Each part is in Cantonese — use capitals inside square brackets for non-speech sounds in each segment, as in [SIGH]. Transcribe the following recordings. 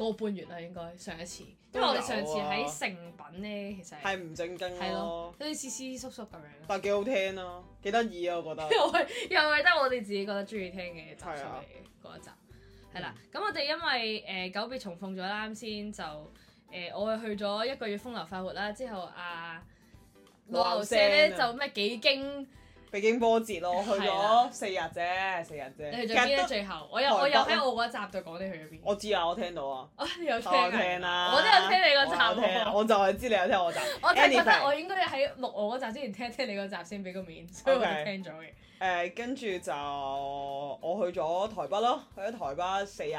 個半月啦，應該上一次，因為我哋上次喺成品咧，其實係唔正經咯，好似「斯斯叔叔」咁樣。但係幾好聽咯，啊，幾得意啊，我覺得 [LAUGHS] 又。又係又係得我哋自己覺得中意聽嘅集嚟嗰一集，係啦。咁、嗯、我哋因為誒、呃、久別重逢咗啱先就誒、呃、我係去咗一個月風流快活啦，之後阿老牛聲咧就咩幾經。北京波折咯，我去咗四日啫，四日啫。你去咗邊咧？最後，我又我有聽我嗰集就講你去咗邊。我知啊，我聽到啊。啊，你有聽啊？我都有聽你個集。我，聽我就係知你有聽我集。 [LAUGHS] 我就覺得我應該喺錄我嗰集之前聽一聽你嗰集先俾個面，okay, 所以我聽、呃、就聽咗嘅。誒，跟住就我去咗台北咯，去咗台北四日。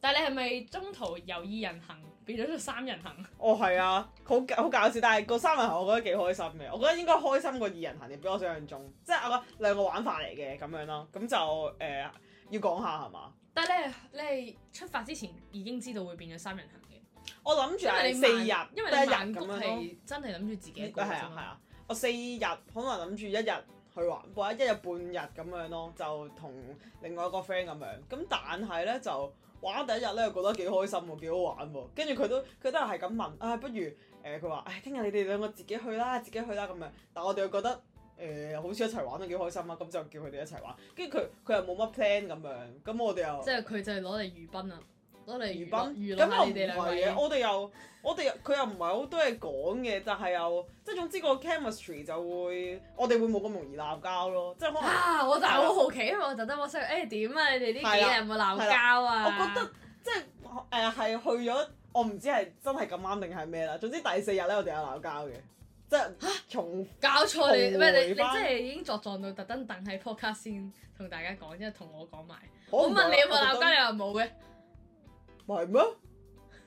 但係你係咪中途有意人行？變咗三人行哦，係啊，好好搞笑，但係個三人行我覺得幾開心嘅，我覺得應該開心過二人行。你比我想象中，即係啊兩個玩法嚟嘅，咁樣咯，咁就誒、呃、要講下係嘛？但係咧，你出發之前已經知道會變咗三人行嘅，我諗住你四日，因但係人谷係真係諗住自己係啊係啊，我四日可能諗住一日去玩，或者一日半日咁樣咯，就同另外一個 friend 咁樣，咁但係咧就。玩第一日咧，又覺得幾開心喎，幾好玩喎。跟住佢都佢都係咁問，啊不如誒佢話，唉、呃，聽日、哎、你哋兩個自己去啦，自己去啦咁樣。但係我哋又覺得誒、呃，好似一齊玩都幾開心啊，咁就叫佢哋一齊玩。跟住佢佢又冇乜 plan 咁樣，咁我哋又即係佢就攞嚟娛賓啦。娛樂，咁樂、啊、又唔係嘅，我哋又，我哋佢又唔係好多嘢講嘅，但係又即係總之個 chemistry 就會，我哋會冇咁容易鬧交咯，即係啊！我就係好好奇，因為的我特登我識誒點啊，你哋呢幾日有冇鬧交啊？我覺得即係誒係去咗，我唔知係真係咁啱定係咩啦。總之第四日咧，我哋有鬧交嘅，即係嚇重搞錯，同你，翻。你即係已經作狀到特登等喺 podcast 先同大家講，即係同我講埋。我，我問你有冇鬧交，你又話冇嘅。唔係咩？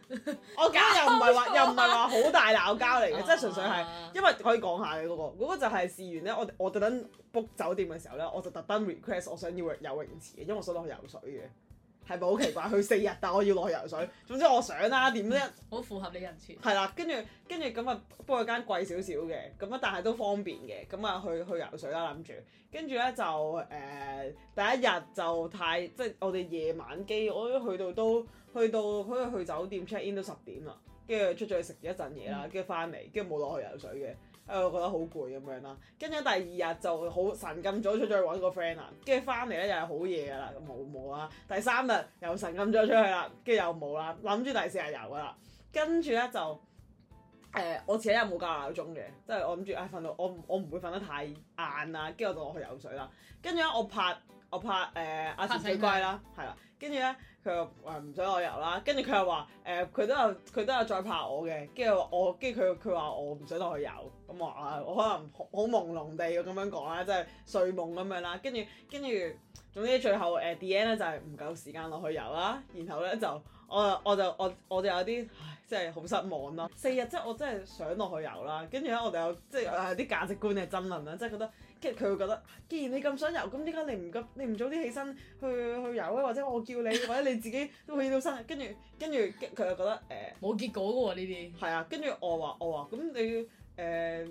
[LAUGHS] 我覺得又唔係話， [LAUGHS] 又唔係話好大鬧交嚟嘅，即係 [LAUGHS] 純粹係，因為可以講下嘅嗰、那個，嗰、那個就係試完咧。我我特登 book 酒店嘅時候咧，我就特登 request 我想要游泳池嘅，因為我想落去游水嘅，係咪好奇怪？去四日但我要落去游水，總之我想啦，點啫？好、 [LAUGHS] 嗯、符合你人設。係啦， [LAUGHS] 跟住跟住咁啊，book 間貴少少嘅，咁啊但係都方便嘅，咁啊去去，去游水啦，諗住。跟住咧就誒、呃，第一日就太即係我哋夜晚機，我覺得去到都～都都去到佢去酒店 check in 都十點啦，跟住出咗去食咗一陣嘢啦，跟住翻嚟，跟住冇落去游水嘅，因為我覺得好攰咁樣啦。跟住第二日就好神咁早出咗去揾個 friend 啦，跟住翻嚟咧又係好夜噶啦，冇冇啦。第三日又神咁早出去啦，跟住又冇啦。諗住第四日游噶啦，跟住咧就誒、呃、我前一日冇較鬧鐘嘅，即係我諗住唉瞓到我我唔會瞓得太晏啦，跟住我就落去游水啦。跟住咧我拍我拍誒阿石水怪啦，係、呃、啦，跟住咧。啊佢又話唔想我遊啦，跟住佢又話誒佢都有佢都有再拍我嘅，跟住我跟住佢佢話我唔想落去遊，咁話、呃、我，我，我，我可能好朦朧地咁樣講啦，即係睡夢咁樣啦，跟住跟住總之最後誒 end 咧就係唔夠時間落去遊啦，然後咧就我我就我我就有啲即係好失望咯，四日即係我真係想落去遊啦，跟住咧我哋有即係啲、呃、價值觀嘅爭論啦，即係覺得。佢會覺得，既然你咁想遊，咁點解你唔咁你唔早啲起身去去遊咧？或者我叫你，或者你自己都起到身，跟住跟住佢又覺得誒冇、呃、結果嘅喎呢啲。係啊，跟住我話我話，咁你誒。呃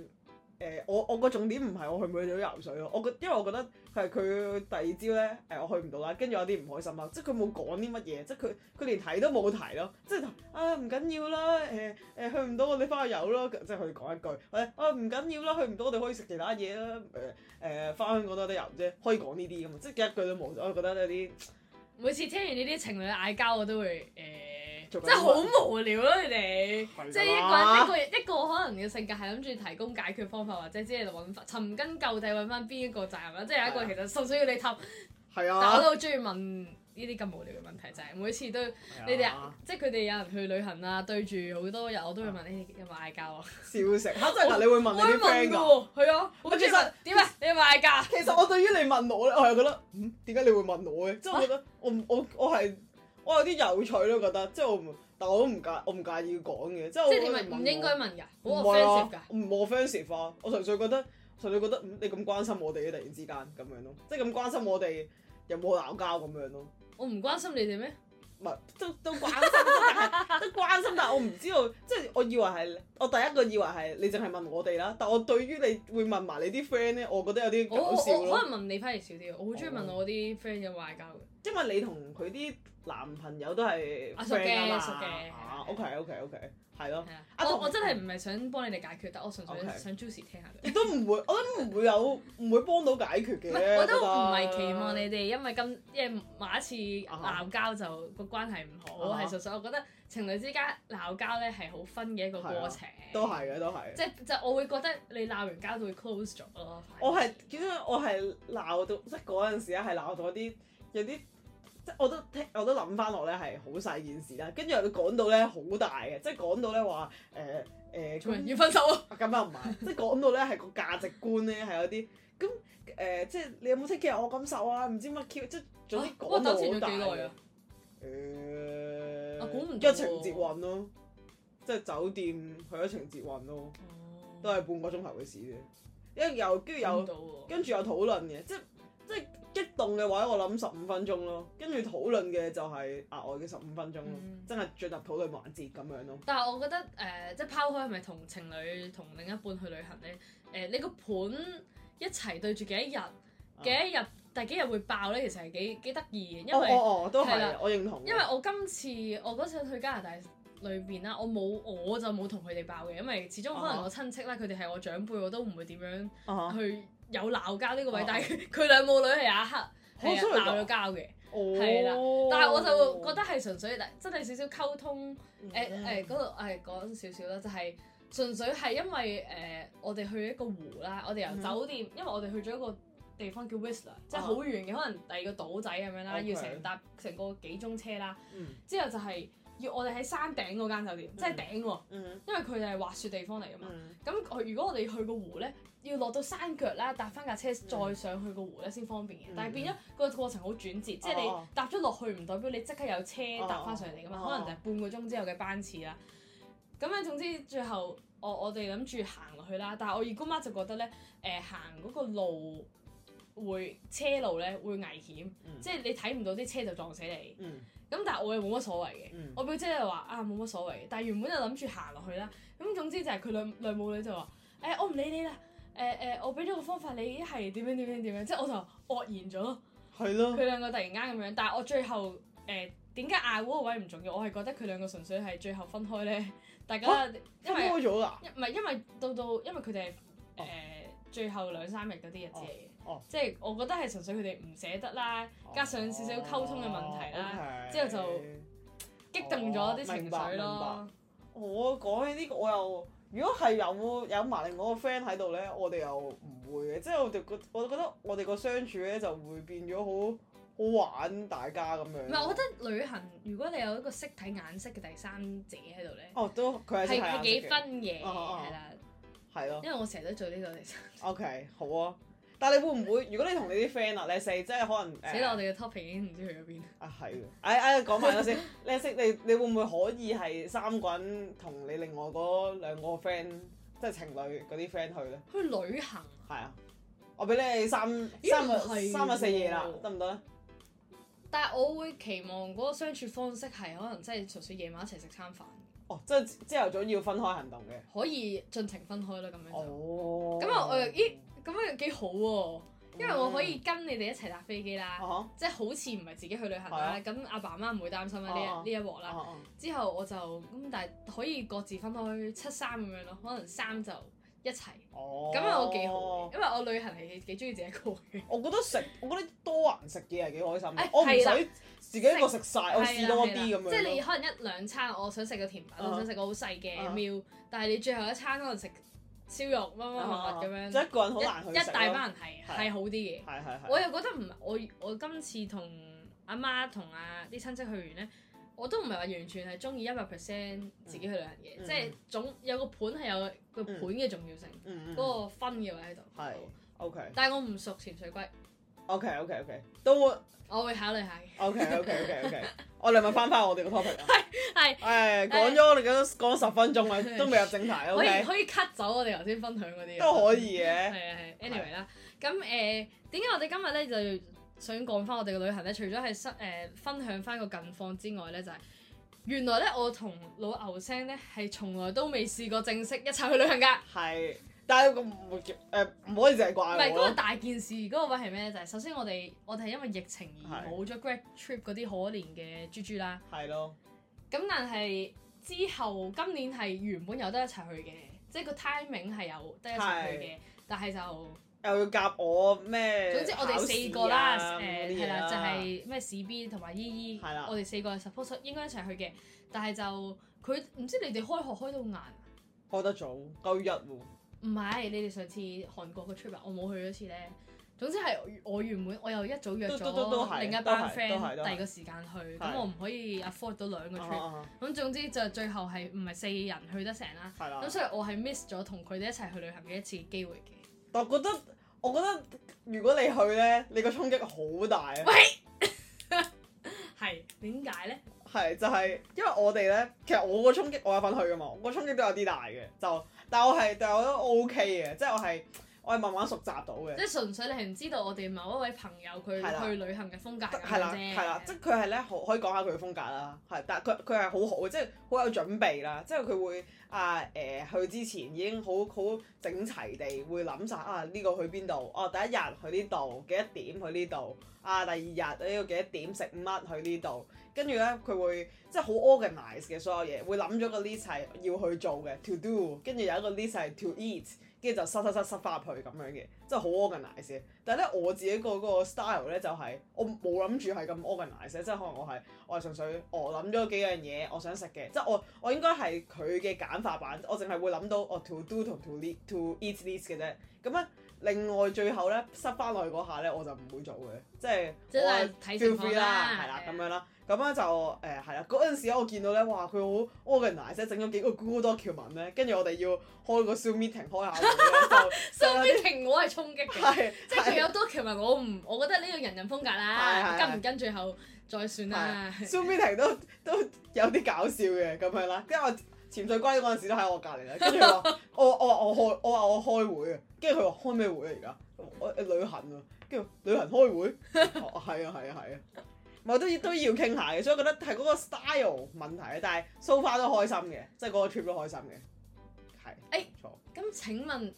誒、呃、我我個重點唔係我去唔去到游水咯，我覺因為我覺得係佢第二朝咧，誒、呃、我去唔到、啊、啦，跟住有啲唔開心啦，即係佢冇講啲乜嘢，即係佢佢連提都冇提咯，即係啊唔緊要啦，誒誒去唔到我哋翻去游咯，即係佢講一句，或者啊唔緊要啦，去唔到我哋可以食其他嘢啦，誒誒翻香港都得游啫，可以講呢啲咁，即係一句都冇，我覺得有啲每次聽完呢啲情侶嗌交我都會誒。呃真係好無聊咯！你哋即係一個一個一個可能嘅性格係諗住提供解決方法，或者即係揾尋根究底揾翻邊一個責任啦。即係有一個其實純粹要你氹，但我都好中意問呢啲咁無聊嘅問題，就係每次都你哋即係佢哋有人去旅行啦，對住好多人，我都會問：誒有冇嗌交啊？少食嚇！嗱，你會問你啲 f r 係啊。其實點啊？你有冇嗌交？其實我對於你問我我係覺得嗯點解你會問我嘅？即係我覺得我我我係。我有啲有趣咯，覺得即係我唔，但我都唔介，我唔介意講嘅，即係你係我唔應該問嘅，唔係啊，唔我 fans、啊、我純粹覺得，純粹覺得你咁關心我哋嘅突然之間咁樣咯，即係咁關心我哋又冇鬧交咁樣咯，我唔關心你哋咩？都都關心，都關心，但係 [LAUGHS] 我唔知道，即係我以為係，我第一個以為係你淨係問我哋啦，但我對於你會問埋你啲 friend 咧，我覺得有啲搞笑咯。我可能問你反而少啲，我好中意問我啲 friend 嘅外交，因為你同佢啲男朋友都係熟嘅，我熟嘅。啊，OK OK OK。係咯，啊、我我真係唔係想幫你哋解決，但我純粹想 Jewie 聽下佢。亦 Okay. 了都唔會，我都唔會有，唔 [LAUGHS] 會幫到解決嘅。我都唔係期望你哋，因為今因係每一次鬧交就個關係唔好，係純粹我覺得情侶之間鬧交咧係好分嘅一個過程。都係嘅，都係。即係即係，即係即係、我會覺得你鬧完交就會 close 咗咯。我係點解？我係鬧到即係嗰陣時咧，係鬧到啲，有啲。即係我都聽，我都諗翻落咧係好細件事啦。跟住佢講到咧好大嘅，即係講到咧話誒誒，要分手啊！咁又唔係，即係講到咧係個價值觀咧係有啲咁誒，即係你有冇 take care 我感受啊？唔知乜即係總之講到好、啊、大好大啊。誒，一程捷運咯，即係酒店去咗一程捷運咯，都係半個鐘頭嘅事啫。一又跟住又跟住又討論嘅，即係。即激動嘅話，我諗十五分鐘咯，跟住討論嘅就係額外嘅十五分鐘咯，嗯、真係進入討論環節咁樣咯。但係我覺得誒、呃，即係拋開係咪同情侶同另一半去旅行咧？誒、呃，你個盤一齊對住幾多日？啊、幾多日？第幾日會爆咧？其實係幾幾得意嘅。因為哦，哦都係，係嘅，我認同。因為我今次我嗰次去加拿大裏邊啦，我冇我就冇同佢哋爆嘅，因為始終可能我親戚咧，佢哋係我長輩，我都唔會點樣去。啊啊有鬧交呢個位，哦、但係佢兩母女係有一刻係鬧咗交嘅，係啦。但係我就覺得係純粹，真係少少溝通。誒誒、嗯，嗰度我係講少少啦，就係、是、純粹係因為誒、呃，我哋去一個湖啦，我哋由酒店，嗯、因為我哋去咗一個地方叫 Whistler，嗯、即係好遠嘅，可能第二個島仔咁樣啦，Okay. 要成搭成個幾鐘車啦。嗯、之後就係、是。要我哋喺山頂嗰間酒店，mm hmm. 即係頂喎、啊，mm hmm. 因為佢哋係滑雪地方嚟㗎嘛。咁、mm hmm. 如果我哋去個湖咧，要落到山腳啦，搭翻架車再上去個湖咧先方便嘅。Mm hmm. 但係變咗個過程好轉折，mm hmm. 即係你搭咗落去唔代表你即刻有車搭翻上嚟㗎嘛，mm hmm. 可能就係半個鐘之後嘅班次啦。咁啊，總之最後我我哋諗住行落去啦，但係我二姑媽就覺得咧，誒、呃、行嗰個路會車路咧會危險，即係、mm hmm. 你睇唔到啲車就撞死你。Mm hmm. mm hmm. 咁但係我又冇乜所謂嘅，嗯、我表姐就話，啊，冇乜所謂，但係原本就諗住行落去啦。咁總之就係佢兩兩母女就話，誒、欸、我唔理你啦，誒、欸、誒、欸、我俾咗個方法你，你係點樣點樣點樣，即係我就愕然咗咯。係咯的。佢兩個突然間咁樣，但係我最後誒，點解嗌個位唔重要，我係覺得佢兩個純粹係最後分開咧，大家、啊、因為分開咗啦。唔係因為到到因為佢哋係誒。最後兩三日嗰啲日子嚟嘅，即係我覺得係純粹佢哋唔捨得啦，oh, 加上少少溝通嘅問題啦，oh, okay. 之後就激動咗啲、oh, 情緒明白咯。我講起呢個我又，如果係有，有有埋另外個 friend 喺度咧，我哋又唔會嘅，即係我哋個我覺得我哋個相處咧就會變咗好好玩，大家咁樣。唔係，我覺得旅行如果你有一個識睇眼色嘅第三者喺度咧，哦、oh, 都佢係識睇眼色，係幾分嘅，係啦。係咯，對因為我成日都做呢、呢個嘅。 [LAUGHS] o、okay, K，好啊，但係你會唔會？如果你同你啲 friend 啊你四即係可能，呃、死啦！我哋嘅 topic 已經唔知去咗邊。啊係，哎、啊、哎，講埋佢先。你 e 你你會唔會可以係三個人同你另外嗰兩個 friend，即係情侶嗰啲 friend 去咧？去旅行。係啊，我俾你三三日三日四夜啦，得唔得？行行，但係我會期望嗰個相處方式係可能即係，純粹夜晚一齊食餐飯。哦、即係朝頭早要分開行動嘅，可以盡情分開啦，咁樣。哦、oh.。咁啊，誒咦，咁樣幾好喎，因為我可以跟你哋一齊搭飛機啦，uh huh. 即係好似唔係自己去旅行啦。咁阿、uh huh. 爸阿媽唔會擔心啦呢呢、uh huh. 一鑊啦。Uh huh. 之後我就咁、嗯，但係可以各自分開七三咁樣咯，可能三就。一齊，咁啊我幾好，因為我旅行係幾中意自己一個嘅。我覺得食，我覺得多人食嘢係幾開心嘅，我唔使自己一個食晒，我試多啲咁樣。即係你可能一兩餐，我想食個甜品，我想食個好細嘅 meal，但係你最後一餐可能食燒肉乜乜乜咁樣。即係一個人好難去食。一大班人係係好啲嘅。係係係。我又覺得唔係，我我今次同阿媽同阿啲親戚去完咧。我都唔係話完全係中意一百 percent 自己去旅行嘅，即係總有個盤係有個盤嘅重要性，嗰個分嘅位喺度。係。O K。但係我唔熟潛水龜。O K O K O K。都會。我會考慮下。O K O K O K O K。我哋咪翻返我哋個 topic 啊。係係。誒，講咗我哋咁講咗十分鐘啦，都未有正題。O K。可以可以 cut 走我哋頭先分享嗰啲。都可以嘅。係啊係。Anyway 啦，咁誒點解我哋今日咧就？想講翻我哋嘅旅行咧，除咗係分誒分享翻個近況之外咧，就係、是、原來咧，我同老牛聲咧係從來都未試過正式一齊去旅行㗎。係，但係誒唔可以淨係怪我。唔係嗰個大件事。嗰、那個位係咩？就係、是、首先我哋我哋係因為疫情而冇咗 grad trip 嗰啲可憐嘅豬豬啦。係咯的。咁但係之後今年係原本有得一齊去嘅，即、就、係、是、個 timing 係有得一齊去嘅，的但係就。又要夾我咩、啊？總之我哋四個啦，誒係啦，就係咩 CB 同埋依依，我哋四個 suppose 應該一齊去嘅，但係就佢唔知你哋開學開到晏、啊，開得早，九一喎。唔係你哋上次韓國嘅 trip，我冇去一次咧。總之係我原本我又一早約咗另一班 friend，第二個時間去，咁是我唔可以 afford 到兩個 trip。咁、啊啊啊啊、總之就最後係唔係四人去得成啦？咁、啊啊啊、所以我係 miss 咗同佢哋一齊去旅行嘅一次機會嘅。但我覺得，我覺得如果你去呢，你個衝擊好大啊！喂，係點解呢？係就係因為我哋呢，其實我個衝擊我有份去噶嘛，我個衝擊都有啲大嘅，就但係我係，但我都 OK 嘅，即係我係。我係慢慢熟習到嘅，即係純粹你係唔知道我哋某一位朋友佢去，去旅行嘅風格咁樣啫，係啦，即係佢係咧可可以講下佢嘅風格啦，係，但係佢佢係好好即係好有準備啦，即係佢會啊誒、呃、去之前已經好好整齊地會諗晒：「啊呢、呢個去邊度，哦、啊、第一日去呢度幾多點去呢度，啊第二日呢個幾多點食乜去呢度，跟住咧佢會即係好 organize 嘅所有嘢，會諗咗個 list 係要去做嘅 to do，跟住有一個 list 係 to eat。跟住就塞塞塞塞翻入去咁樣嘅，真係好 organized 但係咧我自己、個嗰個 style 咧就係、是、我冇諗住係咁 organized 即係可能我係我係純粹我諗咗幾樣嘢我想食嘅，即係我我應該係佢嘅簡化版，我淨係會諗到我 to do 同 to, to eat to eat this 嘅啫，咁啊。另外最後咧，塞翻落去嗰下咧，我就唔會做嘅，即係我 feel free 啦，係啦咁樣啦，咁咧就誒係啦。嗰陣時我見到咧，哇佢好 organized，整咗幾個 Google document 咧，跟住我哋要開個 Zoom meeting 開下，就 Zoom meeting 我係衝擊嘅，即係佢有多橋文我唔，我覺得呢個人人風格啦，跟唔跟最後再算啦。Zoom meeting 都都有啲搞笑嘅咁樣啦，即係。潛水龜嗰陣時都喺我隔離啦，跟住話我我話我開我話我開會嘅，跟住佢話開咩會啊？而家我旅行啊，跟住旅行開會，係啊係啊係啊，咪、啊啊啊啊、都都要傾下嘅，所以我覺得係嗰個 style 問題啊，但係 so far 都開心嘅，即係嗰個 trip 都開心嘅，係，誒，咁、欸、請問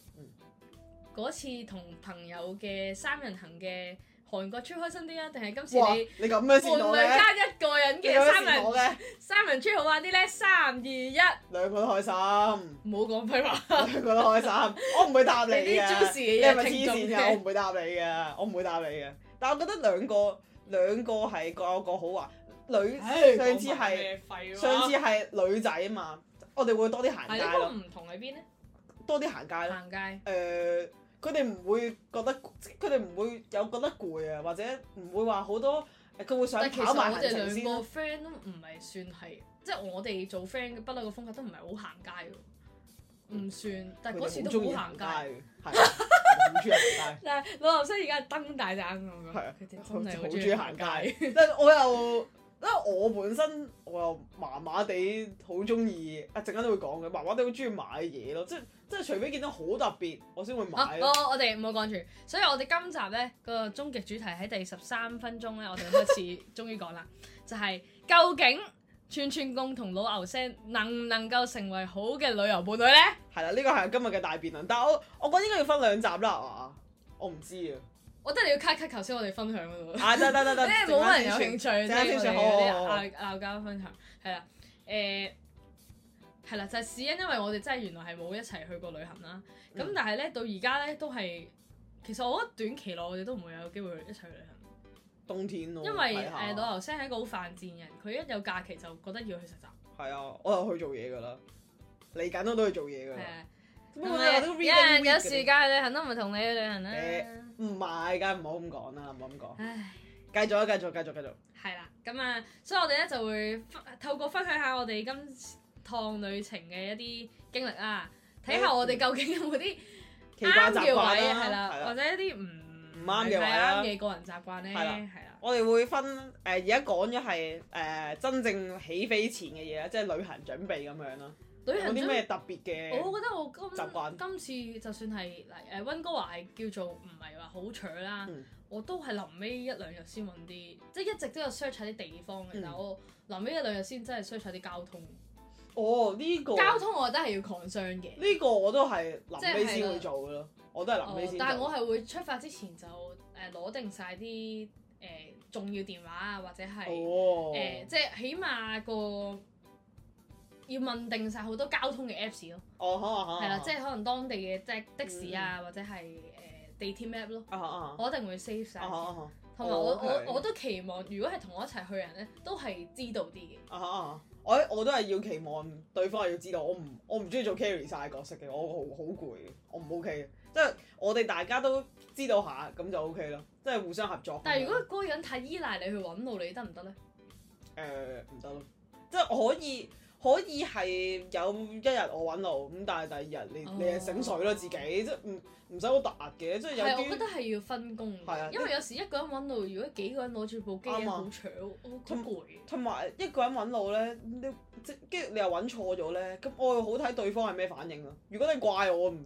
嗰、嗯、次同朋友嘅三人行嘅。韓國穿開心啲啊，定係今次你你男女加一個人，其實三個嘅，三個人穿好玩啲咧，三二一。兩個都開心。唔好講廢話。兩個都開心，我唔會答你啲招事黐線我唔會答你嘅，我唔會答你嘅。但係我覺得兩個兩個係各有各好啊。女上次係上次係女仔啊嘛，我哋會多啲行街咯。唔同喺邊咧？多啲行街行街。誒。佢哋唔會覺得，佢哋唔會有覺得攰啊，或者唔會話好多，佢會想跑埋行程，我哋兩個先咯、啊。friend 都唔係算係，即係我哋做 friend 不嬲嘅風格都唔係好行街喎。唔算，但係嗰次都好行街，好中意行街。但係老牛聲而家瞪大隻眼，我覺得係啊，佢哋真係好中意行街。但係我又。因為我本身我又麻麻地好中意，一陣間都會講嘅，麻麻地好中意買嘢咯，即即係除非見到好特別，我先會買、啊。我我哋唔好講住，所以我哋今集咧個終極主題喺第十三分鐘咧，我哋開始終於講啦， [LAUGHS] 就係究竟串串貢同老牛聲能唔能夠成為好嘅旅遊伴侶咧？係啦，呢個係今日嘅大辯論，但係我我覺得應該要分兩集啦，我唔知啊。我覺得你要 cut cut 頭先我哋分享嗰度，即係冇人有興趣，即係好我哋啲鬧交分享，係啦，誒係啦，就係、是、試因，因為我哋真係原來係冇一齊去過旅行啦，咁但係咧到而家咧都係，其實我覺得短期內我哋都唔會有機會一齊去旅行。冬天咯、哦。因為誒，老牛聲係一個好犯賤人，佢一有假期就覺得要去實習。係啊，我又去做嘢㗎啦，你瑾我都去做嘢㗎。冇啊！有人有時間去旅行都唔係同你去旅行啦。唔係，梗係唔好咁講啦，唔好咁講。唉，繼續啊，繼續，繼續，繼續。係啦，咁啊，所以我哋咧就會透過分享下我哋今次趟旅程嘅一啲經歷啦，睇下我哋究竟有冇啲奇怪習慣啦，係啦，或者一啲唔唔啱嘅嘅個人習慣咧，係啦。我哋會分誒而家講咗係誒真正起飛前嘅嘢即係旅行準備咁樣咯。有啲咩特別嘅？我覺得我今慣今次就算係嗱誒，溫哥華係叫做唔係話好搶啦，嗯、我都係臨尾一兩日先揾啲，即係一直都有 search 啲地方嘅，嗯、但我臨尾一兩日先真係 search 啲交通。哦，呢、呢個交通我覺得係要 concern 嘅。呢個我都係臨尾先會做嘅咯，就是、我都係臨尾先。哦、但係我係會出發之前就誒攞定晒啲誒重要電話啊，或者係誒、哦呃、即係起碼個。要問定晒好多交通嘅 Apps 咯，係啦，即係可能當地嘅即係的士啊，或者係誒地鐵 App 咯，我一定會 save 晒。同埋我我我都期望，如果係同我一齊去人咧，都係知道啲嘅。我我都係要期望對方係要知道，我唔我唔中意做 carry 晒角色嘅，我好好攰，我唔 OK 嘅。即係我哋大家都知道下咁就 OK 咯，即係互相合作。但係如果嗰個人太依賴你去揾路，你得唔得咧？誒唔得咯，即係可以。可以係有一日我揾路咁，但係第二日你、oh。你係醒水咯自己，即係唔唔使好大力嘅，即係有啲。我覺得係要分工嘅。啊的，因為有時一個人揾路，如果幾個人攞住部機，好搶，啊，好攰累。同埋一個人揾路咧，你即係你又揾錯咗咧，咁我又好睇對方係咩反應咯。如果你怪我唔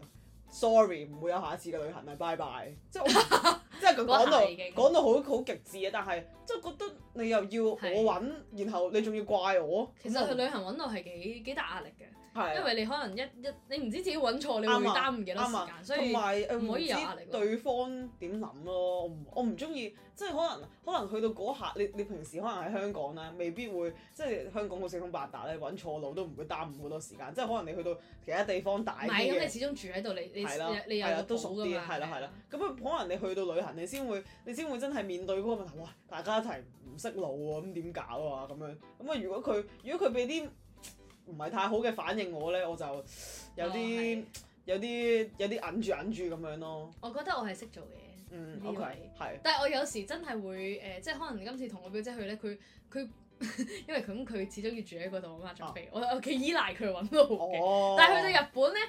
，sorry，唔會有下一次嘅旅行咪拜拜。即係。 [LAUGHS] 即係佢講到講到好好極致啊！但係即係覺得你又要我揾，的然後你仲要怪我。其實去旅行揾到係幾幾大壓力嘅。係，因為你可能一一你唔知自己揾錯，你會耽誤幾多時間，所以唔可以有壓力。對方點諗咯？我唔我唔中意，即係可能可能去到嗰刻，你你平時可能喺香港咧，未必會即係香港好四通八達咧，揾錯路都唔會耽誤好多時間。即係可能你去到其他地方大嘅，咁你始終住喺度，你你你你有個保嘅嘛，係啦，都熟啲，係啦。咁啊，可能你去到旅行，你先會你先會真係面對嗰個問題。哇！大家一齊唔識路喎，咁點搞啊？咁樣咁啊？如果佢如果佢俾啲，唔係太好嘅反應，我呢，我咧我就有啲、哦、有啲有啲忍住忍住咁樣咯。我覺得我係識做嘢，嗯，OK，係是。但係我有時真係會誒、呃，即係可能今次同我表姐去咧，佢佢 [LAUGHS] 因為咁佢始終要住喺嗰度，我媽準備、啊，我我幾依賴佢揾路，哦、但係去到日本咧，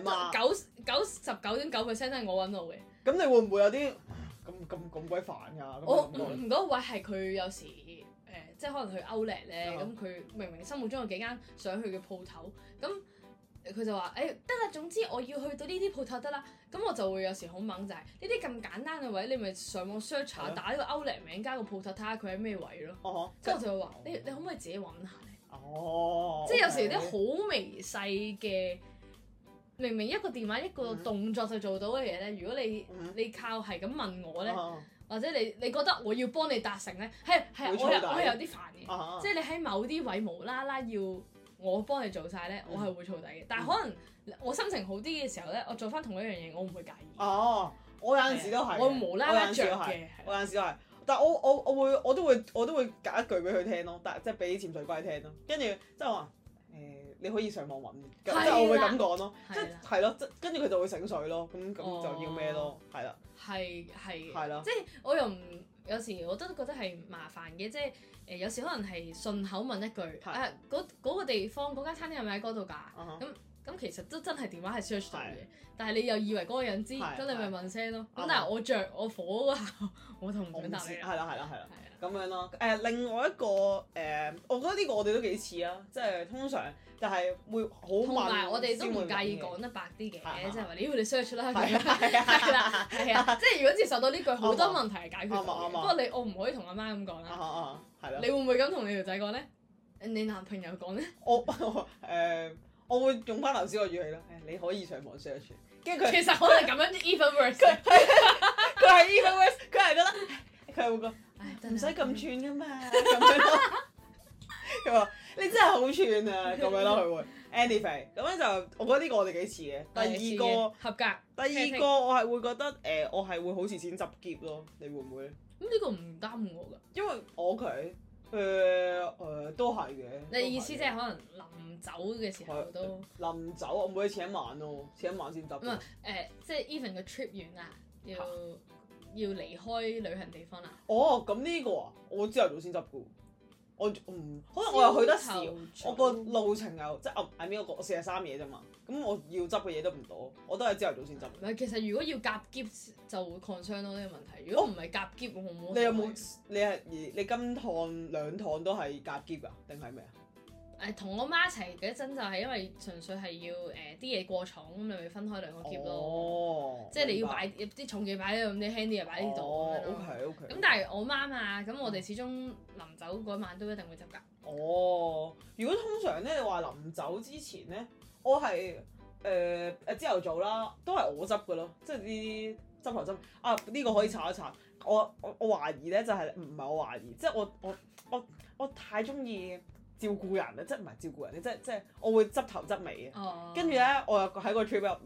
你媽九九十九點九 percent 係我揾路嘅。咁你會唔會有啲咁咁咁鬼煩㗎？我唔嗰個位係佢有時。即係可能去歐叻咧，咁佢明明心目中有幾間想去嘅鋪頭，咁佢就話：誒得啦，總之我要去到呢啲鋪頭得啦。咁我就會有時好猛就係呢啲咁簡單嘅位，你咪上網 search 打呢個歐叻名加個鋪頭，睇下佢喺咩位咯。哦、哈我嚇，之後就會話他你你可唔可以自己揾下咧？哦，即係有時啲好微細嘅，明明一個電話一個動作就做到嘅嘢咧，嗯、如果你、嗯、你靠係咁問我咧。嗯嗯或者你你覺得我要幫你達成咧，係係我，我有我有啲煩嘅，uh huh. 即係你喺某啲位無啦啦要我幫你做晒咧，我係會躁底嘅。但係可能我心情好啲嘅時候咧，我做翻同一樣嘢，我唔會介意。哦，我有陣時都係，我無啦啦著嘅，我有陣時都係是，但係我我我會我都會我都會夾一句俾佢聽咯，但係即係俾潛水鬼聽咯，跟住即係話。誒，你可以上網揾，即係我會咁講咯，即係咯，即跟住佢就會醒水咯，咁咁就要咩咯，係啦，係係，係啦，即係我又唔有時我都覺得係麻煩嘅，即係誒有時可能係順口問一句，誒嗰個地方嗰間餐廳係咪喺嗰度㗎？咁咁其實都真係電話係 search 到嘅，但係你又以為嗰個人知，咁你咪問聲咯。咁但係我着我火嗰下，我同佢係啦係啦係啦。咁樣咯，誒，另外一個誒，我覺得呢個我哋都幾似啊，即係通常，但係會好同埋我哋都唔介意講得白啲嘅，即係話，咦，你哋 search 啦，係啊，係啊，即係如果接受到呢句，好多問題係解決到。不過你我唔可以同阿媽咁講啦。哦，係啦。你會唔會咁同你條仔講咧？你男朋友講咧？我誒，我會用翻頭先個語氣啦。你可以上網 search，跟住其實可能咁樣 even worse，佢係 even worse，佢係覺得佢係個。唔使咁串噶嘛，咁樣咯。佢話：你真係好串啊，咁樣咯佢會。Anyway，咁樣就我覺得呢個我哋幾似嘅。第二個合格。第二個我係會覺得誒，我係會好遲先執喼咯。你會唔會？咁呢個唔擔心我噶，因為我屋企誒都係嘅。你意思即係可能臨走嘅時候都臨走，我唔會請一晚咯，請一晚先執。唔即係 Even 嘅 trip 完啊，要。要離開旅行地方啦！哦，咁呢個啊，我朝頭早先執嘅，我唔可能我又去得少，丑我個路程又即係阿阿邊個我四十三嘢啫嘛，咁我要執嘅嘢都唔多，我都係朝頭早先執。唔係、嗯，其實如果要夾 k e 就 concern 咯呢個問題。如果唔係夾 keep，、哦、魔你有冇？你係而你今趟兩趟都係夾 k 啊？定係咩啊？誒同我媽一齊嗰陣就係因為純粹係要誒啲嘢過重咁，你咪分開兩個夾咯。哦，即係你要擺啲白重嘅擺喺度，咁你輕啲嘅擺喺呢度 OK，OK，咁但係我媽嘛，咁我哋始終臨走嗰晚都一定會執噶。哦，如果通常咧，你話臨走之前咧，我係誒誒朝頭早啦，都係我執嘅咯，即係啲執頭執啊呢、呢個可以查一查。我我我懷疑咧，就係唔係我懷疑，即係我我我我太中意。照顧人咧，即係唔係照顧人你即係即係我會執頭執尾嘅。跟住咧，我又喺個 trip 入嗰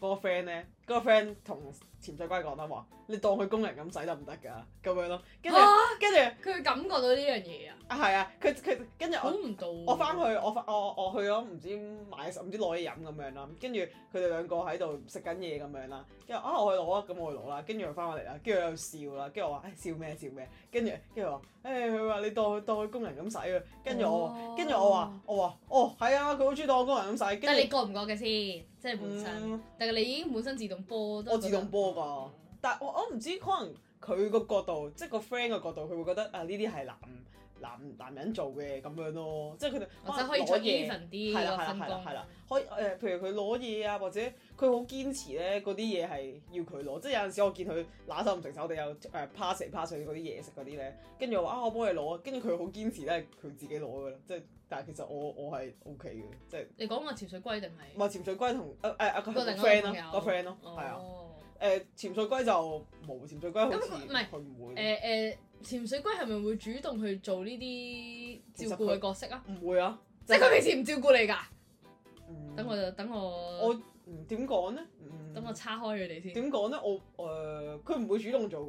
個 friend 咧，嗰、嗰個 friend 同潛水 guide 講啦，話、那個、你當佢工人咁使得唔得噶？咁樣咯。跟住，跟住佢感覺到呢樣嘢啊！啊，係啊，佢佢跟住我，我翻去我我我去咗唔知買唔知攞嘢飲咁樣啦。跟住佢哋兩個喺度食緊嘢咁樣啦。跟住啊，我去攞啊，咁我去攞啦。跟住我翻返嚟啦，跟住又笑啦。跟住我話、哎、笑咩笑咩？跟住跟住我誒佢話你當佢工人咁使啊。跟住我。Oh. 跟住我話，我話，哦，係啊，佢好中意當我工人咁使。但你覺唔覺嘅先，即係本身？但係你已經本身自動波都。我自動波噶，嗯，但我我唔知可能佢個角度，即係個 friend 嘅角度，佢會，會覺得啊呢啲係男。男男人做嘅咁樣咯，即係佢哋我就可以做 even 啲嘅分工，係啦，係啦，係啦，可以誒，譬如佢攞嘢啊，或者佢好堅持咧，嗰啲嘢係要佢攞，即係有陣時我見佢拿手唔成手，我哋有誒 pass 嚟 pass 去嗰啲嘢食嗰啲咧，跟住我話啊，我幫你攞，跟住佢好堅持咧，佢自己攞嘅啦，即係但係其實我我係 O K 嘅，即係你講個潛水龜定係唔係潛水龜同誒誒一個 friend 咯，個 friend 咯，係啊，誒潛水龜就冇，潛水龜好似佢唔會誒誒。呃呃潛水龜係咪會主動去做呢啲照顧嘅角色啊？唔會啊！即係佢平時唔照顧你㗎、嗯。等我就等我，我點講咧？嗯、等我叉開佢哋先。點講咧？我誒，佢、呃、唔會主動做㗎。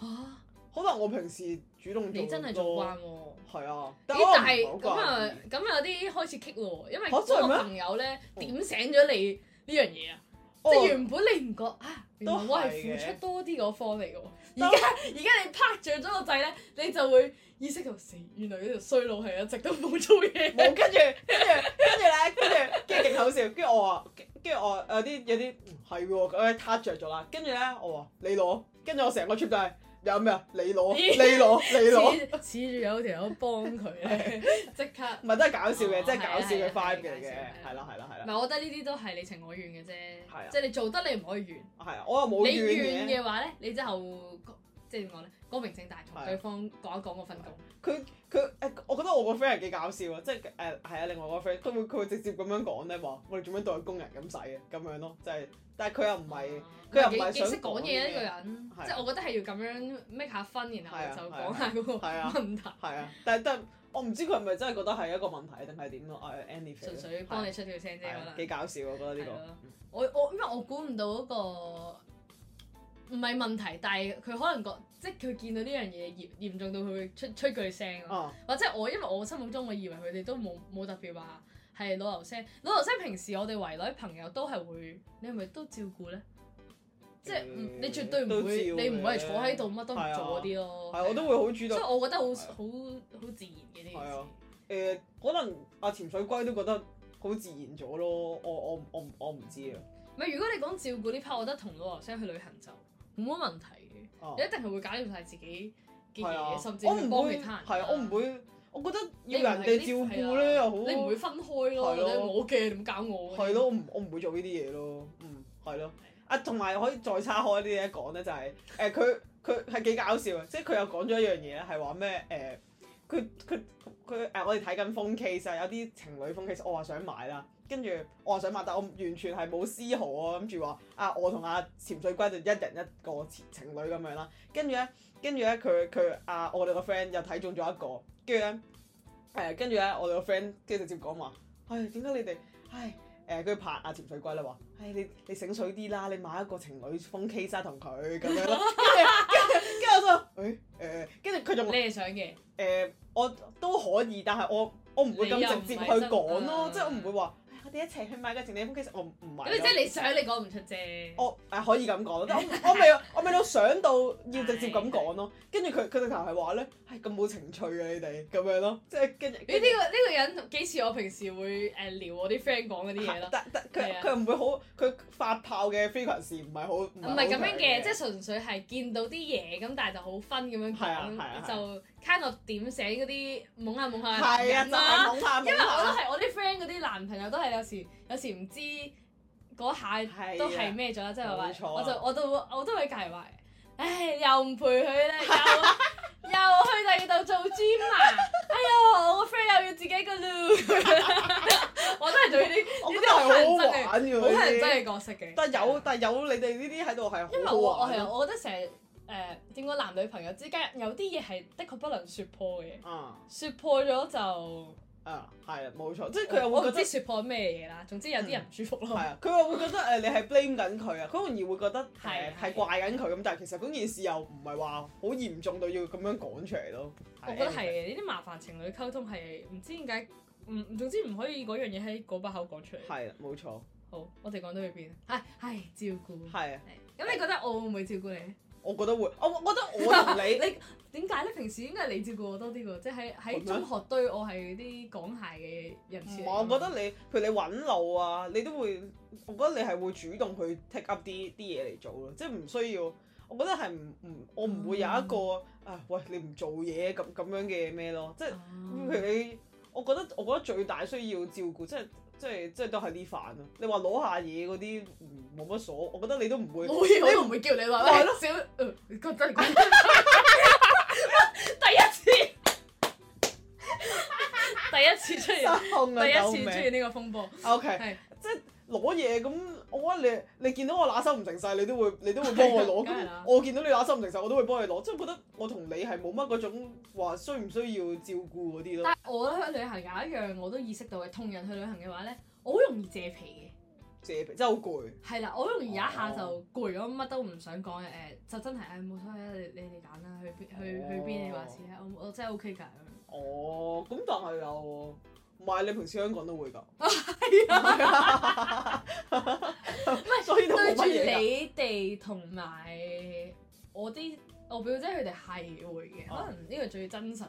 嚇、啊！可能我平時主動做。你真係做慣喎。係啊。但係咁啊，咁有啲開始棘喎。因為好多朋友咧、啊、點醒咗你呢樣嘢啊！哦、即係原本你唔覺啊，原來我係付出多啲嗰方嚟㗎喎。而家而家你拍着咗個掣咧，你就會意識到死，原來呢條衰佬係一直都冇做嘢，冇跟住跟住跟住咧，跟住跟住勁 [LAUGHS] 好笑，跟住我話，跟住我話、啊、有啲有啲係喎，佢嘅 touch 著咗啦，跟住咧我話你攞，跟住我成個 chip 就係，有咩啊？你攞，你攞，你攞，恃住有條友幫佢咧，即刻，唔係都係搞笑嘅，即係搞笑嘅 five 嚟嘅，係啦，係啦，係啦。唔係，我覺得呢啲都係你情我願嘅啫，即係你做得你唔可以怨，係啊，我又冇你怨嘅話咧，你之後。即係點講咧？光明正大同對方講一講個分工。佢佢誒，我覺得我個 friend 係幾搞笑啊！即誒係啊，另外個 friend 都會佢會直接咁樣講咧話，我哋做咩對工人咁使啊？咁樣咯，即係但係佢又唔係佢又唔係想講嘢呢個人，即係我覺得係要咁樣 make 下分，然後就講下嗰個問題。係啊，但係但係我唔知佢係咪真係覺得係一個問題定係點咯？誒，anyway，純粹幫你出條聲啫，可能幾搞笑，我覺得呢個我我因為我估唔到嗰個。唔係問題，但係佢可能覺得即係佢見到呢樣嘢嚴嚴重到佢會出出句聲、啊啊、或者我因為我心目中我以為佢哋都冇冇特別話、啊、係老牛聲，老牛聲平時我哋圍內朋友都係會，你係咪都照顧咧？嗯、即係你絕對唔會，照你唔會坐喺度乜都唔做嗰啲咯、嗯啊啊。我都會好主動，所以我覺得、嗯、好、嗯、好好，好自然嘅呢件事、嗯嗯。可能阿潛水龜都覺得好自然咗咯。我我我我唔知啊。唔如果你講照顧呢 part，我覺得同老牛聲去旅行就。冇乜問題嘅，你、啊、一定係會搞掂晒自己嘅嘢，啊、甚至我唔會幫其他人。係啊，我唔會，我覺得要人哋照顧咧又好，你唔會分開咯，係咯，我驚點搞我？係咯，我唔會做呢啲嘢咯，嗯，係咯，啊，同埋可以再叉開啲嘢講咧，就係誒佢佢係幾搞笑嘅，即係佢又講咗一樣嘢咧，係話咩誒？佢佢佢誒，我哋睇緊 phone case 啊，有啲情侶 phone case，我話想買啦。跟住我想買，但我完全係冇思考啊。諗住話啊，我同阿、啊、潛水龜就一人一個情侶情侶咁樣啦。跟住咧，跟住咧，佢佢啊，我哋個 friend 又睇中咗一個。跟住咧，誒、啊，跟住咧，我哋個 friend 跟住直接講話，唉、哎，點解你哋唉？誒、哎，佢、呃、拍阿、啊、潛水龜啦，話唉、哎，你你醒水啲啦，你買一個情侶 phone case 啦，同佢咁樣咯。跟住跟住，跟住，誒誒，跟住佢就仲咩、哎呃、想嘅？誒、呃，我都可以，但係我我唔會咁直接去講咯，即係我唔會話。 [LAUGHS] [LAUGHS] 一齊去買個靜理風機，其實我唔係。咁即係你想，你講唔出啫、啊。我誒可以咁講，但我未我未到想到要直接咁講咯。跟住佢佢直頭係話咧，係咁冇情趣嘅、啊、你哋咁樣咯，即係跟住。呢、這個呢個人幾似我平時會誒聊我啲 friend 講嗰啲嘢咯。但佢佢唔會好，佢發炮嘅 frequency 唔係好唔係咁樣嘅，即係純粹係見到啲嘢咁，但係就好分咁樣講，就 can 我點醒嗰啲懵下懵下嘅人，因為我都係我啲 friend。朋友都係有時有時唔知嗰下都係咩咗，即係話，我就我就我都會介懷。唉，又唔陪佢咧，又 [LAUGHS] 又去第二度做 gym 啊！ [LAUGHS] 哎呀，我個 friend 又要自己嘅咯， [LAUGHS] [LAUGHS] 我都係做呢啲，呢啲係好玩嘅、啊，好認真嘅角色嘅。但係有，但係有你哋呢啲喺度係。因為我我係我覺得成日誒點解男女朋友之間有啲嘢係的確不能説破嘅，説、嗯、説破咗就。Uh, 啊，係啊，冇錯，即係佢又會覺得，我，我唔知説破咩嘢啦。總之有啲人唔舒服咯。係、嗯、啊，佢又 [LAUGHS] 會覺得誒，你係 blame 緊佢啊，佢容易會覺得係係、啊啊呃、怪緊佢咁，但係其實嗰件事又唔係話好嚴重到要咁樣講出嚟咯。啊、我覺得係嘅，呢啲、啊、麻煩情侶溝通係唔知點解，唔總之唔可以嗰樣嘢喺嗰把口講出嚟。係啊，冇錯。好，我哋講到去邊啊？係照顧。係啊。咁、啊啊、你覺得我會唔會照顧你咧？我覺得會，我我覺得我你 [LAUGHS] 你點解咧？平時應該係你照顧我多啲嘅，即係喺喺中學堆，我係啲講鞋嘅人士嗎、嗯。我覺得你譬如你揾路啊，你都會，我覺得你係會主動去 take up 啲啲嘢嚟做咯，即係唔需要。我覺得係唔唔，我唔會有一個啊、嗯，喂，你唔做嘢咁咁樣嘅咩咯？即係譬如你，我覺得我覺得最大需要照顧即係。即係即係都係呢範咯，你話攞下嘢嗰啲冇乜所，我覺得你都唔會， [MUSIC] 你唔不會叫你話少。第一次， [LAUGHS] 第一次出現，第一次出現呢個風波 [MUSIC] ，OK，係是即。攞嘢咁，我覺得你你見到我揦手唔成勢，你都會你都會幫我攞。 [LAUGHS] 了我見到你揦手唔成勢，我都會幫你攞。即係覺得我同你係冇乜嗰種話需唔需要照顧嗰啲咯。但係我覺得去旅行有一樣我都意識到嘅，同人去旅行嘅話咧，我好容易借皮嘅。借皮真係好攰。係啦，我好容易一,一下就攰咯，乜、哦、都唔想講誒、呃，就真係誒冇所謂啦，你哋揀啦，去邊去去邊你話事我真係 OK 㗎。哦，咁但係又～、啊 [LAUGHS] 唔係，你平時香港都會㗎。係啊，唔係，對住你哋同埋我啲，我表姐佢哋係會嘅，uh. 可能呢個最真實。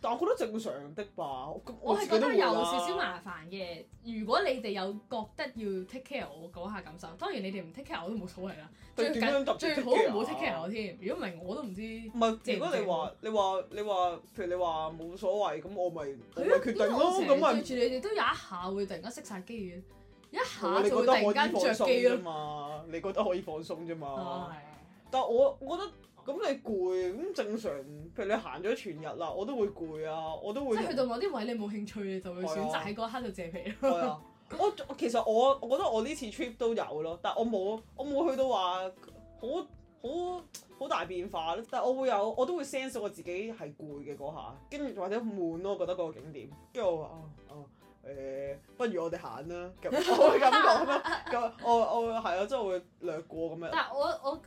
但我覺得正常的吧，我係覺得有少少麻煩嘅。如果你哋有覺得要 take care 我嗰下感受。當然你哋唔 take care 我都冇所謂啦。最好唔好 take care 我添，如果唔係我都唔知正正。唔係如果你話你話你話，譬如你話冇所謂咁，我咪、啊、決定咯。咁咪對住你哋都有一下會,會突然間熄晒機嘅，一下就會突然間着機啦嘛。你覺得可以放鬆啫嘛？啊、但係我我覺得。咁你攰，咁正常。譬如你行咗全日啦，我都會攰啊，我都會。即去到某啲位，你冇興趣，你就會選擇喺嗰、哎、呀刻就借皮咯。 [LAUGHS] 我其實我我覺得我呢次 trip 都有咯，但係我冇我冇去到話好好好大變化。但係我會有我都會 sense 我自己係攰嘅嗰下，跟住或者悶咯，覺得嗰個景點。跟住我話啊啊誒，不如我哋行啦，咁我咁講啦，咁，我會我係啊，即係會略過咁樣。但係我我。我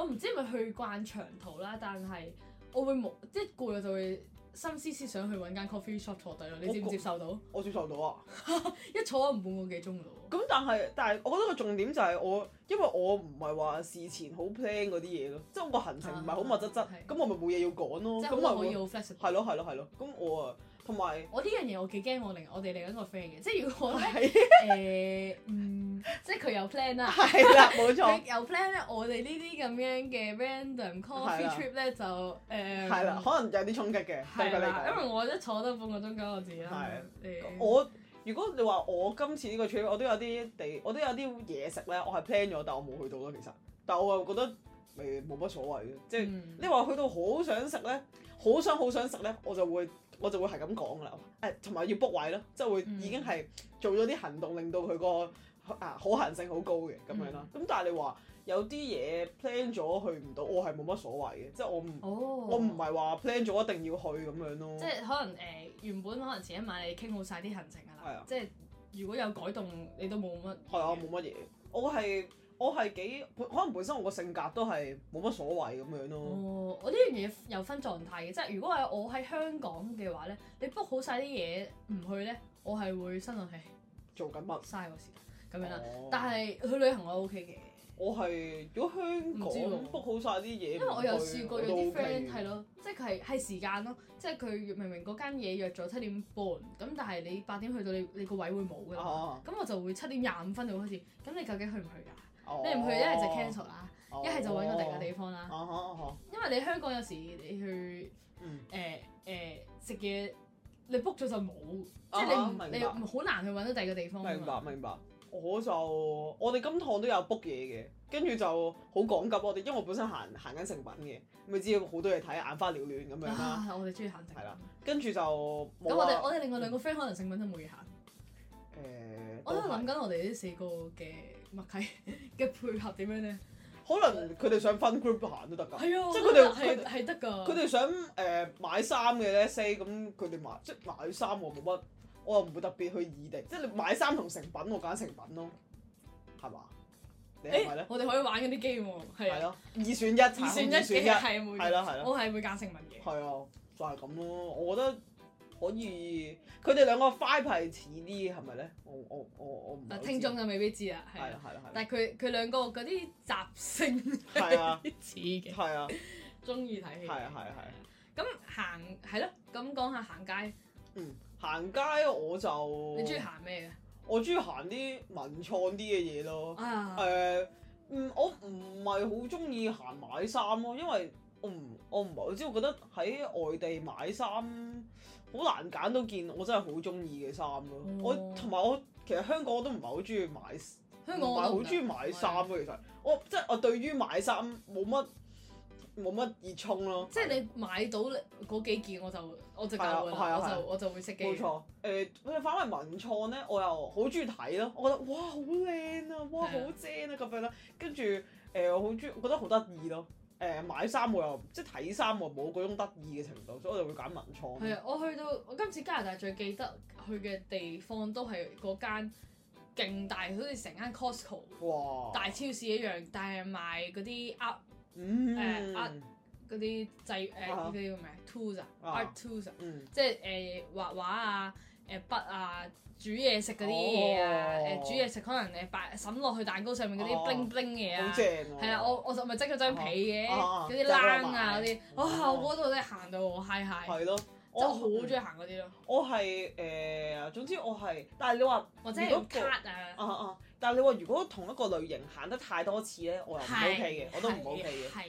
我唔知係咪去慣長途啦，但係我會冇即係攰，我就會心思思想去揾間 coffee shop 坐低咯。你接唔接受到？我接受到啊！ [LAUGHS] 一坐咗唔半個幾鐘度。咁但係，但係我覺得個重點就係我，因為我唔係話事前好 plan 嗰啲嘢咯，即係我行程唔係好密質質，咁我咪冇嘢要趕咯。咁咪喎。係咯，係咯，係咯，咁我啊～同埋我呢樣嘢我幾驚，我另我哋另一個 friend 嘅，即係如果我咧誒、啊呃、嗯，即係佢有 plan 啦，係啦冇錯。 [LAUGHS] 有 plan 咧，我哋呢啲咁樣嘅 random coffee trip 咧、啊、就誒，係、呃、啦、啊，可能有啲衝擊嘅。係、啊、因為我一坐得半個鐘頭，我自己啦，啊 uh, 我如果你話我今次呢個 trip，我都有啲地，我都有啲嘢食咧，我係 plan 咗，但我冇去到咯，其實，但我又覺得誒冇乜所謂嘅，即係、嗯、你話去到好想食咧，好想好想食咧，我就會。我就會係咁講噶啦，誒同埋要 book 位咯，即係會已經係做咗啲行動，令到佢個啊可行性好高嘅咁、嗯、樣啦。咁但係你話有啲嘢 plan 咗去唔到，我係冇乜所謂嘅，即係我唔、哦、我唔係話 plan 咗一定要去咁樣咯。即係可能誒、呃、原本可能前一晚你傾好晒啲行程噶啦，啊、即係如果有改動你都冇乜係啊，冇乜嘢，我係。我係幾，可能本身我個性格都係冇乜所謂咁樣咯、啊哦。我呢樣嘢又分狀態嘅，即係如果係我喺香港嘅話咧，你 book 好晒啲嘢唔去咧，我係會生怒氣。做緊乜？嘥我時間咁樣啦。哦、但係去旅行我 OK 嘅。我係如果香港 book、啊、好晒啲嘢，因為我有試過有啲 friend 係咯，即係佢係時間咯，即係佢明明嗰間嘢約咗七點半，咁但係你八點去到你你個位會冇嘅啦。咁、啊、我就會七點廿五分就開始。咁你究竟去唔去㗎？你唔去一係就 cancel 啦，一係就搵個第二個地方啦。哦哦哦，因為你香港有時你去誒誒食嘢，你 book 咗就冇，即係你你好難去搵到第二個地方。明白明白，我就我哋今趟都有 book 嘢嘅，跟住就好趕急，我哋因為我本身行行緊成品嘅，咪知道好多嘢睇，眼花撩亂咁樣啦。我哋中意行成。係啦，跟住就咁我哋我哋另外兩個 friend 可能成品都冇嘢行。誒，我喺度諗緊我哋呢四個嘅。默契嘅配合點樣咧？可能佢哋想分 group 行都得㗎，呃，即係佢哋係係得㗎。佢哋想誒買衫嘅咧，say 咁佢哋買即係買衫我冇乜，我又唔會特別去異地。即係你買衫同成品，我揀成品咯，係嘛？誒，我哋可以玩嗰啲 game 喎，係啊，二選一，二選一，二選一，係啊，冇錯，係啦係啦，我係會揀成品嘅，係啊，就係咁咯，我覺得。可以，佢哋兩個 fiver 似啲係咪咧？我我我我唔，聽眾就未必知啦。係啦係啦係啦。但係佢佢兩個嗰啲習性係啊似嘅。係啊，中意睇戲。係啊係啊係啊。咁行係咯，咁講下行街。嗯，行街我就。你中意行咩嘅？我中意行啲文創啲嘅嘢咯。啊。誒，嗯，我唔係好中意行買衫咯，因為我唔我唔係我知，我覺得喺外地買衫。好難揀到件我真係好中意嘅衫咯，oh. 我同埋我其實香港我都唔係好中意買，香港我唔係好中意買衫、啊、其實的我即係、就是、我對於買衫冇乜冇乜熱衷咯、啊。即係你買到嗰幾件我就我就夠啦，我就我就會識嘅。冇錯，誒、呃、反為文創咧，我又好中意睇咯，我覺得哇好靚啊，哇好正啊咁樣啦，的跟住、呃、我好中，覺得好得意咯。誒、呃、買衫我又即係睇衫我又冇嗰種得意嘅程度，所以我就會揀文創。係啊，我去到我今次加拿大最記得去嘅地方都係嗰間勁大，好似成間 Costco 哇大超市一樣，但係賣嗰啲 art 誒、嗯呃、art 嗰啲製誒叫咩 tools 啊，啊 art tools，、啊嗯、即係誒、呃、畫畫啊。誒筆啊，煮嘢食嗰啲嘢啊，誒煮嘢食可能你擺沈落去蛋糕上面嗰啲冰冰嘢啊，好正啊，係啦，我我就咪即咗張被嘅，嗰啲冷啊嗰啲，哇！我嗰度都行到我嗨嗨～係咯，我好中意行嗰啲咯。我係誒，總之我係，但係你話或者 cut 啊，但係你話如果同一個類型行得太多次咧，我又唔 OK 嘅，我都唔 OK 嘅。係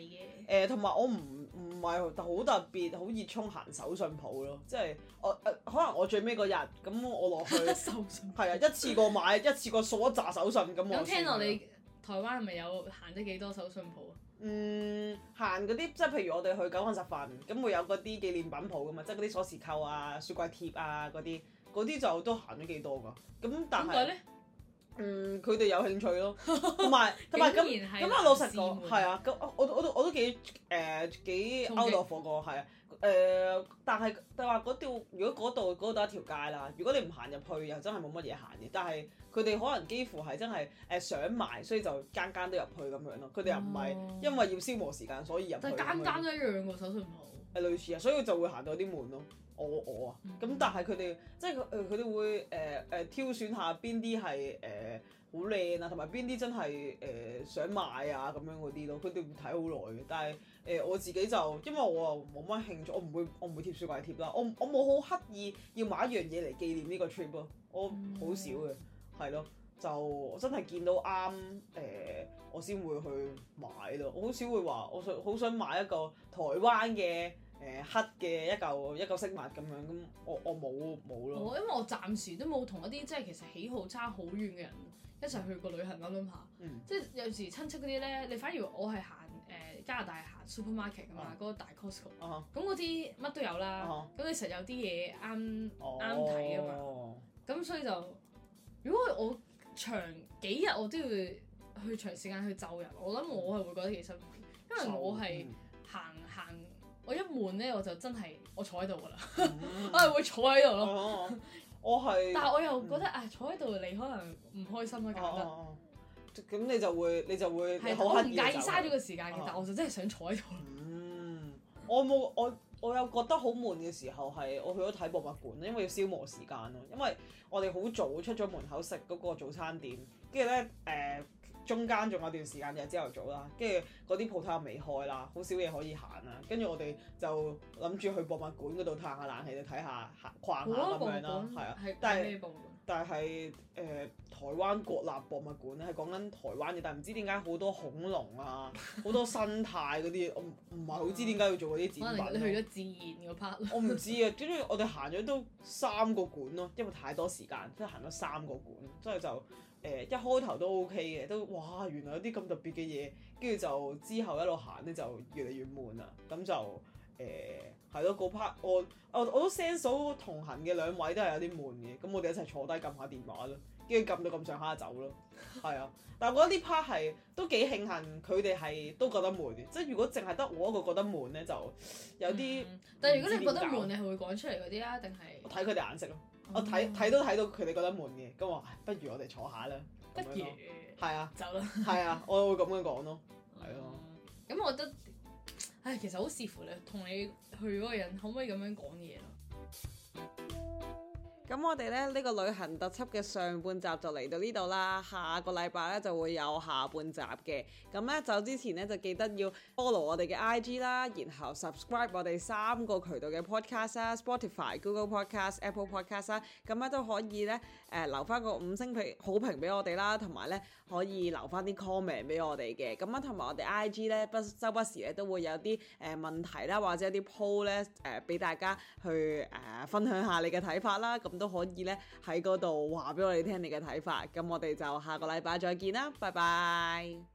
嘅。誒，同埋我唔。唔係，好特別，好熱衷行手信鋪咯，即係我誒、呃、可能我最尾嗰日，咁我落去，手 [LAUGHS] 信係舖啊， [LAUGHS] 一次過買一次過掃一紮手信咁。我聽落你台灣係咪有行得幾多手信鋪啊？嗯，行嗰啲即係譬如我哋去九份十分，咁會有嗰啲紀念品鋪噶嘛，即係嗰啲鎖匙扣啊、雪櫃貼啊嗰啲，嗰啲就都行咗幾多噶。咁但係。嗯，佢哋有興趣咯，同埋同埋咁咁啊！老實講，係啊，咁我我都我都幾誒幾勾到火個係啊誒，但係就話嗰度如果嗰度嗰度一條街啦，如果你唔行入去，又真係冇乜嘢行嘅。但係佢哋可能幾乎係真係誒想埋，所以就間間都入去咁樣咯。佢哋又唔係因為要消磨時間，所以入去，係間間都一樣個手信鋪。係類似啊，所以就會行到啲門咯。我我啊，咁但係佢哋即係佢佢哋會誒誒、呃呃、挑選下邊啲係誒好靚啊，同埋邊啲真係誒、呃、想買啊咁樣嗰啲咯，佢哋會睇好耐嘅。但係誒、呃、我自己就因為我啊冇乜興趣，我唔會我唔會貼雪櫃貼啦。我我冇好刻意要買一樣嘢嚟紀念呢個 trip 咯，我好少嘅係咯，就真係見到啱誒、呃、我先會去買咯。我好少會話我想好想買一個台灣嘅。誒、呃、黑嘅一嚿一嚿飾物咁樣咁，我我冇冇咯。我，我因為我暫時都冇同一啲即係其實喜好差好遠嘅人一齊去過旅行啦，諗下、嗯，即係有時親戚嗰啲咧，你反而我係行誒、呃、加拿大行 supermarket 㗎嘛，嗰、啊、個大 Costco、啊哈。哦。咁嗰啲乜都有啦，咁其實有啲嘢啱啱睇啊嘛，咁、哦、所以就如果我長幾日我都要去長時間去就人，我諗我係會覺得幾辛苦，因為我係、嗯。我一悶咧，我就真係我坐喺度噶啦， [LAUGHS] 我係會坐喺度咯。 [LAUGHS] 我係是，但係我又覺得、嗯、啊，坐喺度你可能唔開心啊，覺得咁你就會你就會好刻意唔介意嘥咗個時間其實，但我就真係想坐喺度。嗯，我冇我我有覺得好悶嘅時候係我去咗睇博物館，因為要消磨時間咯。因為我哋好早出咗門口食嗰個早餐店，跟住咧誒。呃中間仲有段時間就朝頭早啦，跟住嗰啲鋪頭又未開啦，好少嘢可以行啦。跟住我哋就諗住去博物館嗰度嘆下冷氣，嚟睇下逛下咁樣啦。係啊，但係誒、呃、台灣國立博物館係講緊台灣嘅，但係唔知點解好多恐龍啊，好 [LAUGHS] 多生態嗰啲我唔唔係好知點解要做嗰啲展品、啊。可能你去咗自然嗰 part。我唔知啊，跟住我哋行咗都三個館咯，因為太多時間，即係行咗三個館，即係就。誒、呃、一開頭都 OK 嘅，都哇原來有啲咁特別嘅嘢，跟住就之後一路行咧就越嚟越悶啦，咁就誒係咯，個 part 我我我都 sense 到同行嘅兩位都係有啲悶嘅，咁我哋一齊坐低撳下電話咯，跟住撳到咁上下走咯，係啊， [LAUGHS] 但係我覺得呢 part 係都幾慶幸佢哋係都覺得悶嘅，即係如果淨係得我一個覺得悶咧就有啲、嗯，但係如果你如覺得悶你係會講出嚟嗰啲啦，定係我睇佢哋顏色咯。嗯、我睇睇都睇到佢哋覺得悶嘅，咁我話不如我哋坐下啦，不如行，係啊，走啦了，係 [LAUGHS] 啊，我會咁樣講咯，係咯、嗯，咁、啊、我覺得，唉，其實好視乎咧，同你去嗰個人可唔可以咁樣講嘢咯。咁我哋咧呢、呢個旅行特輯嘅上半集就嚟到呢度啦，下個禮拜咧就會有下半集嘅。咁咧走之前咧就記得要 follow 我哋嘅 IG 啦，然後 subscribe 我哋三個渠道嘅 podcast 啊，Spotify、Sp ify, Google Podcast、Apple Podcast 啊。咁啊都可以咧誒、呃、留翻個五星評好評俾我哋啦，同埋咧可以留翻啲 comment 俾我哋嘅。咁啊同埋我哋 IG 咧不周不時咧都會有啲誒、呃、問題啦，或者有啲 post 咧誒俾大家去誒、呃、分享下你嘅睇法啦。咁、啊都可以咧喺嗰度話俾我哋聽你嘅睇法，咁我哋就下個禮拜再見啦，拜拜。